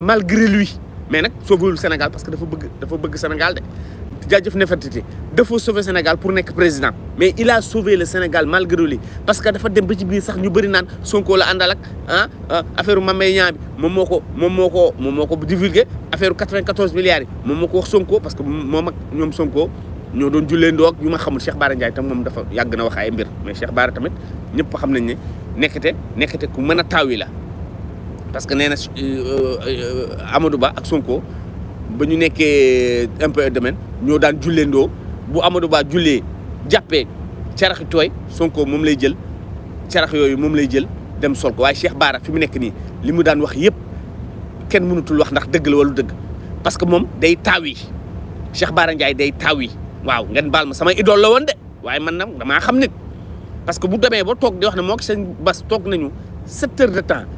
malgré lui mais sauver le Sénégal parce que dafa bëgg dafa bëgg Sénégal dé. jaajëf Nefertiti dafa sauver Sénégal pour nek président mais il a sauvé le Sénégal malgré lui parce que dafa dem ba ci biir sax ñu bëri naan Sonko la andalak, ak ah, ah affaire Mame Niang bi mom moko mom moko mom moko divulguer divulgué affaire 94 milliards mom moko wax Sonko parce que mom ak ñom Sonko ñoo doon julé ndok ñu ma xamul Cheikh Bara Ndiaye tam mom dafa yag na wax ay mbir mais Cheikh Bara tamit ñepp xam nañ ne nekkate nekkate ku mëna tawila parce que nee na euh, Amadou Ba ak Sonko ba ñu nekkee impôt domaine ñoo daan julleendoo bu Amadou Ba jullee jàppee carax tooy Sonko moom lay jël carax yooyu moom lay jël dem sol ko waaye Cheikh Bara fi mu nekk nii li mu daan wax yëpp kenn mënatul wax ndax dëgg la walu dëgg parce que moom day taaw yi Cheikh Bara Ndiaye day taaw yi waaw ngeen baal ma sama idole la woon de waaye man nag damaa xam nit parce que bu demee ba toog di wax ne moo ko seen bas toog nañu sept de temps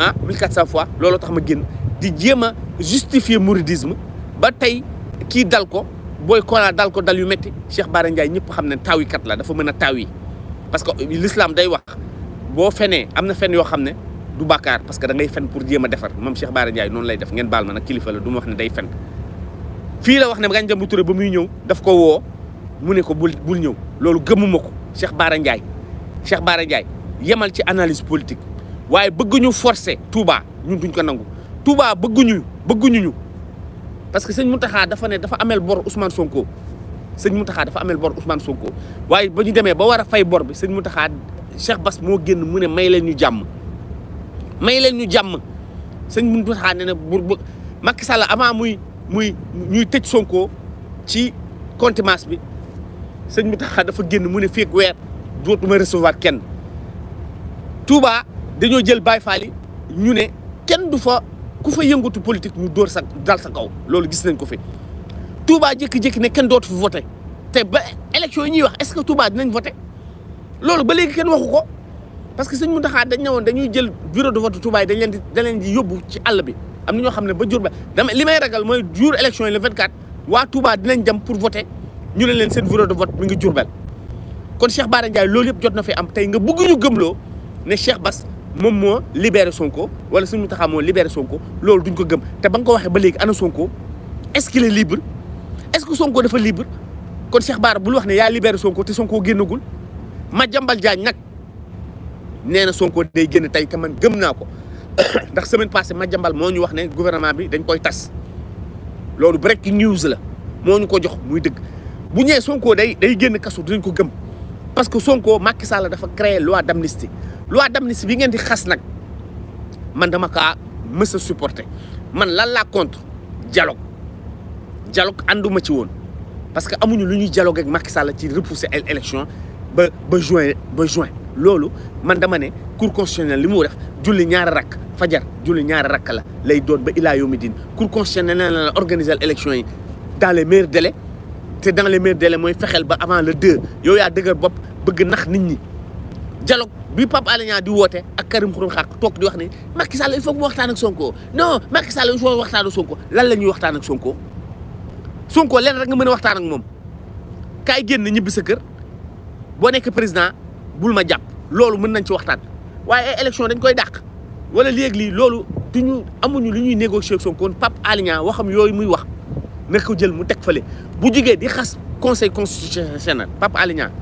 ah 1400 fois looloo tax ma génn di jéem a justifier mouridisme ba tey kii dal ko booy Kola dal ko dal yu métti Cheikh Bara Ndiaye ñëpp xam ne kat la dafa mën a taawi parce que lislaam day wax boo fenee am na fen yoo xam ne du bàkkaar parce que da ngay fen pour jéem a defar moom Cheikh Bara Ndiaye noonu lay def ngeen baal ma nag kilifa la du wax ne day fen fii la wax ne Ngagne Demba Touré ba muy ñëw daf ko woo mu ne ko bul bul ñëw loolu gëmuma ko Cheikh Bara Ndiaye Cheikh Bara Ndiaye yemal ci analyse politique waaye bëgguñu forcer Touba ñun duñ ko nangu Touba bëgguñu bëgguñu ñu parce que sëñ Mountakha dafa ne dafa ameel bor Ousmane Sonko sëñ Mountakha dafa ameel bor Ousmane Sonko waaye ba ñu demee ba war a fay bor bi sëñ Mountakha Cheikh bas moo génn mu ne may leen ñu jàmm may leen ñu jàmm sëñ Mountakha ne ne bu bu Macky Sall avant muy muy ñuy tëj Sonko ci contumace bi sëñ Mountakha dafa génn mu ne fii ak weer dootuma recevoir kenn Touba. dañoo jël bay Fall ñu né kenn du fa ku fa yëngutu politique mu door sa dal sa kaw loolu gis nañ ko fi Touba jékki-jékki né kenn dootu fi voter té ba élection yi ñuy wax est-ce que Touba dinañ voter loolu ba légui kenn waxu ko parce que sëñ Mountakha dañ néwon woon dañuy jël bureau de vote Touba yi dañ leen di dañ leen di yóbbu ci àll bi am ñoo xamné ba jour ba dama li ragal moy jour élection yi le 24 wa Touba dinañ dem pour voter ñu ne leen seen bureau de vote mi ngi Diourbel kon Cheikh Bara ndjay loolu yëpp jot na fi am tey nga bëgg ñu gëmlo né Cheikh Bass moom moo libéré Sonko wala sunu taxaw moo libéré Sonko lolou duñ ko gëm té ba nga ko waxee ba légui ana Sonko est-ce qu'il est libre est-ce que Sonko dafa libre kon Cheikh Bara bul wax ne yaa libéré Sonko té Sonko génnagul ma jambal nag nak néna Sonko day génn tay té man gëm nako ndax semaine passée Madiambal moo ñu wax ne gouvernement bi dañ koy tass lolou breaking news la moo ñu ko jox muy dëgg bu ñé Sonko day day génn kasso dinañ ko gëm parce que Sonko Macky Sall dafa créer loi d'amnistie loi d'amnistie bi ngeen di xas nak man dama ka me se supporter man lan la contre dialogue dialogue anduma ci won parce que amuñu luñu ñuy dialogue ak Macky Sall ci repousser ay élection ba ba juin ba juin lolu man dama né cour constitutionnel limu def julli ñaar rak fajar julli ñaar rak la lay doon ba ila yawmi diin cour constitutionnelle la organiser élection yi dans les meilleurs délais c'est dans les meilleurs délais moy fexel ba avant le 2 yow ya dëgër bop bëgg nax nit ñi dialogue bi Pape Alé di woote ak Karim Xurum Xaq toog di wax ne Macky Sall il faut mu waxtaan ak Sonko non Macky Sall il faut que waxtaan ak Sonko lan la ñuy waxtaan ak Sonko Sonko leen rek nga mën a waxtaan ak moom kaay génn ñibbi sa kër boo nekk président bul ma jàpp loolu mën nañ ci waxtaan waaye ay élection koy dàq wala léegi lii loolu duñu amuñu li ñuy négocier ak Sonko Pape Alé Niang waxam yooyu muy wax na ko jël mu teg fale bu jugee di xas conseil constitutionnel Pape Alé Niang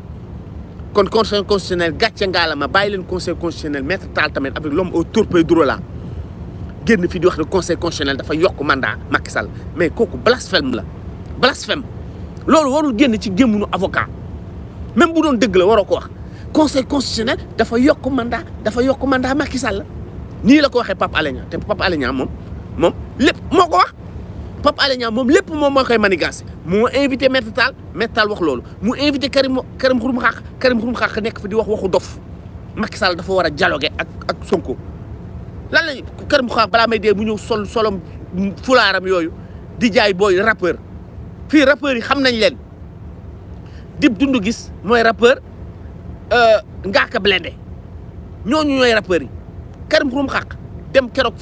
kon conseil constitutionnel gàcce ngaa la ma bàyyi leen conseil constitutionnel maître Tall tamit avec l'homme au torpédo là génn fi di wax ne conseil constitutionnel dafa yokk mandat Macky Sall mais kooku blasphème la blasphème loolu warul génn ci gémmunu avocat même bu doon dëgg la waroo ko wax conseil constitutionnel dafa yokk mandat dafa yokk mandat Macky Sall nii la ko waxee Pape Alé Niang te Pape Alé Niang moom moom lépp moo ko wax Papa Alenya, mom lepp mom je suis koy manigancé mo invité Maître tal wax invité Karim Karim Xurum Je Karim invité à nek fi di wax waxu dof Macky dafa wara a ak ak Sonko lan lañ Karim Xaq bala may sol solom di jay boy rappeur Il est yi xam nañ à rappeur euh, Ngaka Karim dem keroog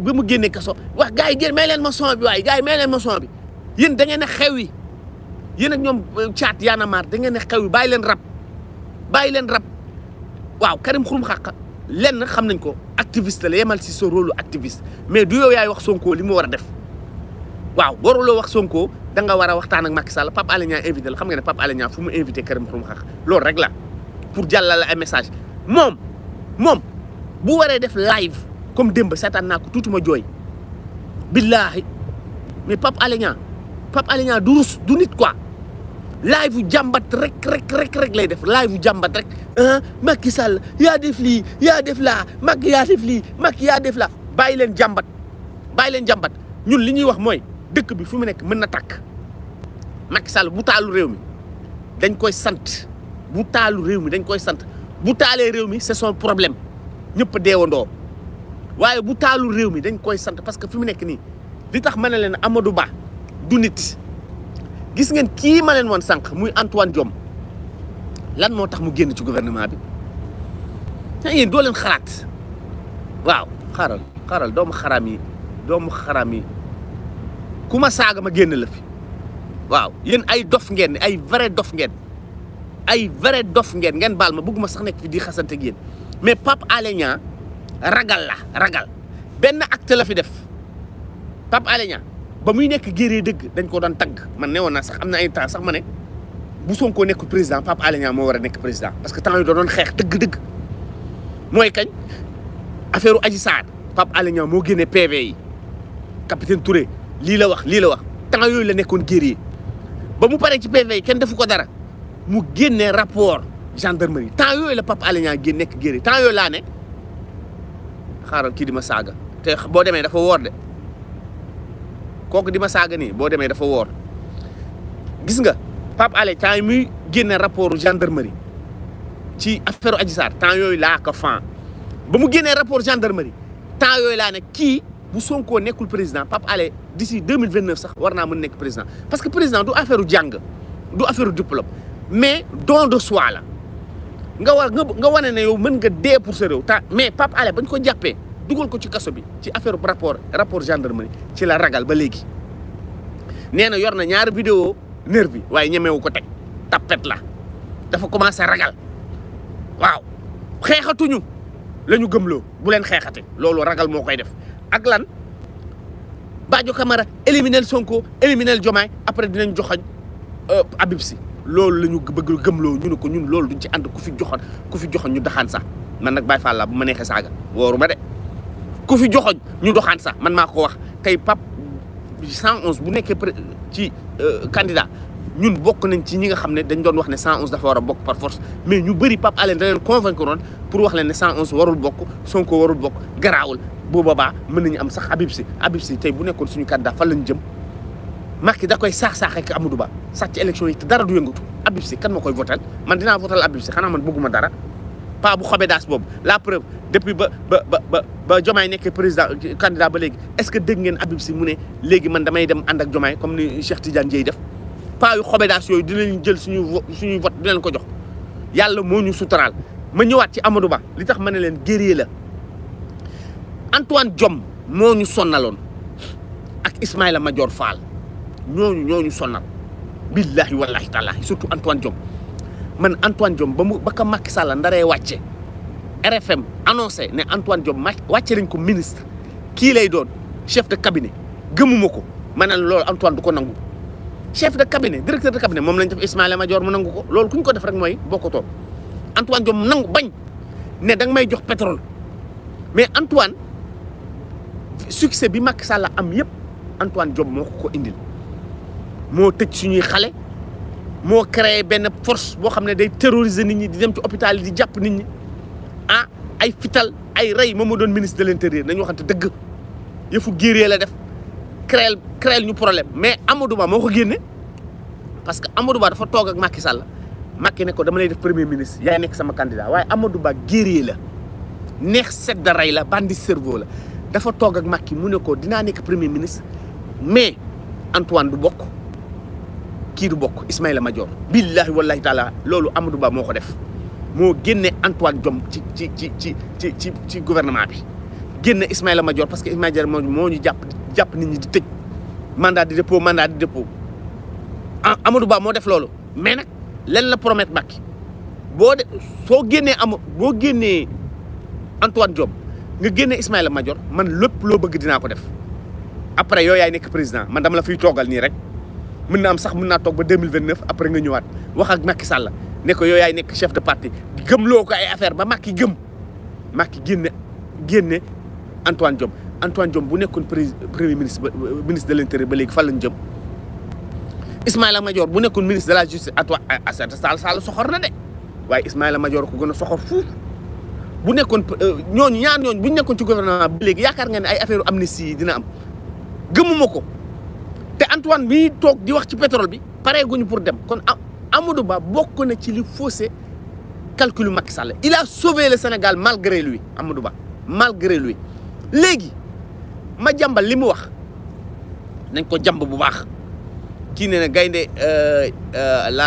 bi mu génnee kaso wax gars yi leen ma son bi waaye gars yi may leen ma son bi yéen da ngeen a xew yi yéen ak ñoom caat euh, Y'en a da ngeen a xew bàyyi leen rab bàyyi leen rab waaw Karim Xurum Xaqa lenn xam nañ ko activiste la yemal si so rôle activiste mais du yow yaay wax Sonko li mu war a def waaw waruloo wax Sonko da nga war a waxtaan ak Macky Sall Pape Alé xam nga ne Pape fu mu invité Karim Xurum Xaqa loolu rek la pour jàllale ay message moom moom bu waree def live. comme démb seetaan naa tout ma mais Pape Alé papa Pape quoi live jambat rek rek rek live jambat rek ah Macky ya def lii yaa def laa Macky yaa def lii Macky yaa def laa menatak ñun li ñuy wax bi bu c'est son problème waye bu talu rew mi dañ koy sante parce que fimu nek ni li tax manelene Amadou Ba du nit gis ngeen ki ma won sank muy Antoine diom lan moo tax mu génn ci gouvernement bi tay yéen do len xalat waw xaral xaral dom xaram yi dom xaram yi kuma saga ma génn la fi waw yeen ay dof ngeen ay vrai dof ngeen ay vrai dof ngeen ngeen balma bëgguma sax nek fi di xassante ak mais pap alenia ragal la ragal ben acte la fi def pap alenya ba muy nek géré deug dañ ko don tag man ne sax amna na ay temps sax mané bu son ko nek président pap alenya mo wara nek président parce que temps yu doon xeex dëgg deug mooy kañ affaire Adji Sarr Pape Alé Niang moo PV yi capitaine Touré li la wax li la wax temps yooyu la nekkoon géree ba mu paré ci PV yi kenn dara mu guéné rapport gendarmerie temps yooyu la pap alenya guéné nek temps la nek xaaral kii di ma saaga te boo demee dafa woor de kooku di ma saaga nii boo demee dafa woor gis nga Pape Alé temps yi muy génne rapport gendarmerie ci affaire Adji Sarr yooyu laa ko fan ba mu génnee rapport gendarmerie temps yooyu laa ne kii bu sonkoo nekkul président Pape Alé d'ici deux mille vingt sax war naa mën nekk président parce que président du affaire jàng du affaire diplôme mais don de soi la. nga war nga wane ne yow mën nga dee pour sa ta mais pap Alé bañ ko jàppee dugal ko ci kaso bi ci bu rapport rapport gendarmerie ci la ragal ba léegi nee na yor na ñaar vidéo nervi bi waaye ñemewu ko teg tapet la dafa commencé ragal waaw xeexatuñu la ñu gëmloo bu leen xeexate loolu ragal moo koy def ak lan Badio Camara éliminel Sonko éliminel Diomaye après dinañ joxañ euh, Habib Sy loolu la ñu bëgg gëmloo ñu ne ko ñun loolu duñ ci ànd ku fi joxoon ku fi joxoon ñu doxaan sax man nag Baye Fall laa bu ma neexee saaga wóoru ma de ku fi joxoon ñu doxaan sax man maa ko wax tey pap 111 bu nekkee ci euh, candidat ñun bokk nañ ci ñi nga xam ne dañ doon wax ne 111 dafa war a bokk par force mais ñu bëri Pape Alé da leen convaincre pour wax leen ne 111 warul bokk Sonko warul bokk garaawul bu boobaa mën nañ am sax Habib Sy Habib Sy tey bu nekkoon suñu candidat fan lañ jëm ki da koy saax-saax ak Amadou Ba sàcc élection yi te dara du yëngatu Abib Sy kan ma koy votal man dinaa votal Abib Sy xanaa man bëgguma dara pas bu xobe daas boobu la preuve depuis ba ba ba ba Diomaye nekk président candidat ba léegi est-ce que dégg ngeen Abib mu ne léegi man damay dem ànd ak Diomaye comme ni Cheikh Tidiane Dieye def paa yu xobe daas yooyu dinañ jël suñu suñuy vote dinañ ko jox yàlla moo ñu suturaal ma ñëwaat ci Amadou Ba li tax ma ne leen guerrier la Antoine Diome moo ñu sonnaloon ak Ismaïla Madior Fall ñooñu ñooñu sonal billahi wallahi taala surtout Antoine diom man Antoine diom ba ba ka Macky Sall ndare wacce RFM annoncé ne Antoine diom wacce nañ ko ministre ki lay doon chef de cabinet gëmuma ko ma ne Antoine du ko nangu chef de cabinet directeur de cabinet mom lañ def ismaël major mu nangu ko lool kuñ ko def rek mooy bokkutoo Antoine diom nangu bañ ne dang may jox pétrole mais Antoine succès bi Macky Sall am yépp Antoine Diome moko ko indil. moo tëj suñuy xale moo créé benn force boo xam ne day terroriser nit ñi di dem ci hôpital yi di jàpp nit ñi ah ay fital ay rey moom moo doon ministre de l'intérieur nañu waxante dëgg yëfu géeree la def créel créel ñu problème mais Amadou Ba moo ko génne parce que Amadou Ba dafa toog ak Macky la Macky ne ko dama lay def premier ministre yaay nekk sama candidat waaye Amadou Ba géeree la neex sedd rey la bandi cerveau la dafa toog ak Macky mu nekkoo ko dinaa nekk premier ministre mais Antoine du bokk kii du bokk Ismaïla Madior billaahi wallaahi taala loolu Amadou Ba moo ko def moo génne Antoine Diome ci ci ci ci ci ci ci gouvernement bi génne Ismaïla Madior parce que Ismaïla Madior moo ñu jàpp jàpp nit ñi di tëj mandat de dépôt mandat de dépôt ah Amadou moo def loolu mais nag len la promettre Macky boo de soo génnee am boo génnee Antoine Diome nga génne Ismaïla Madior man lépp loo bëgg dinaa ko def après yow yaay nekk président man dama la fiy toogal nii rek. mën na am sax mën naa toog ba 2029 après nga ñëwaat wax ak Macky Sall ne ko yow yaay nekk chef de parti gëmloo ko ay affaire ba Macky gëm Macky génne génne Antoine Diome Antoine Diome bu nekkoon premier ministre ministre de l' intérieur ba léegi fan lañ jëm Ismaïla Madior bu nekkoon ministre de la justice atwa Aïssata Tall Sall soxor na de waaye Ismaïla Madior ko gën a soxor fuuf bu nekkoon euh, ñooñu ñaar ñooñu bu ñu nekkoon ci gouvernement ba léegi yaakaar nga ne ay affaire amnistie yi dina am gëmuma ko. Antoine mii tok di wax ci pétrole bi guñu pour dem kon Amadou Ba bokk na ci li faussé calcul Macky Sall il a sauvé le Sénégal malgré lui Amadou Ba malgré lui légui ma jambal limu wax nañ ko jamb bu baax kii ne na euh, euh la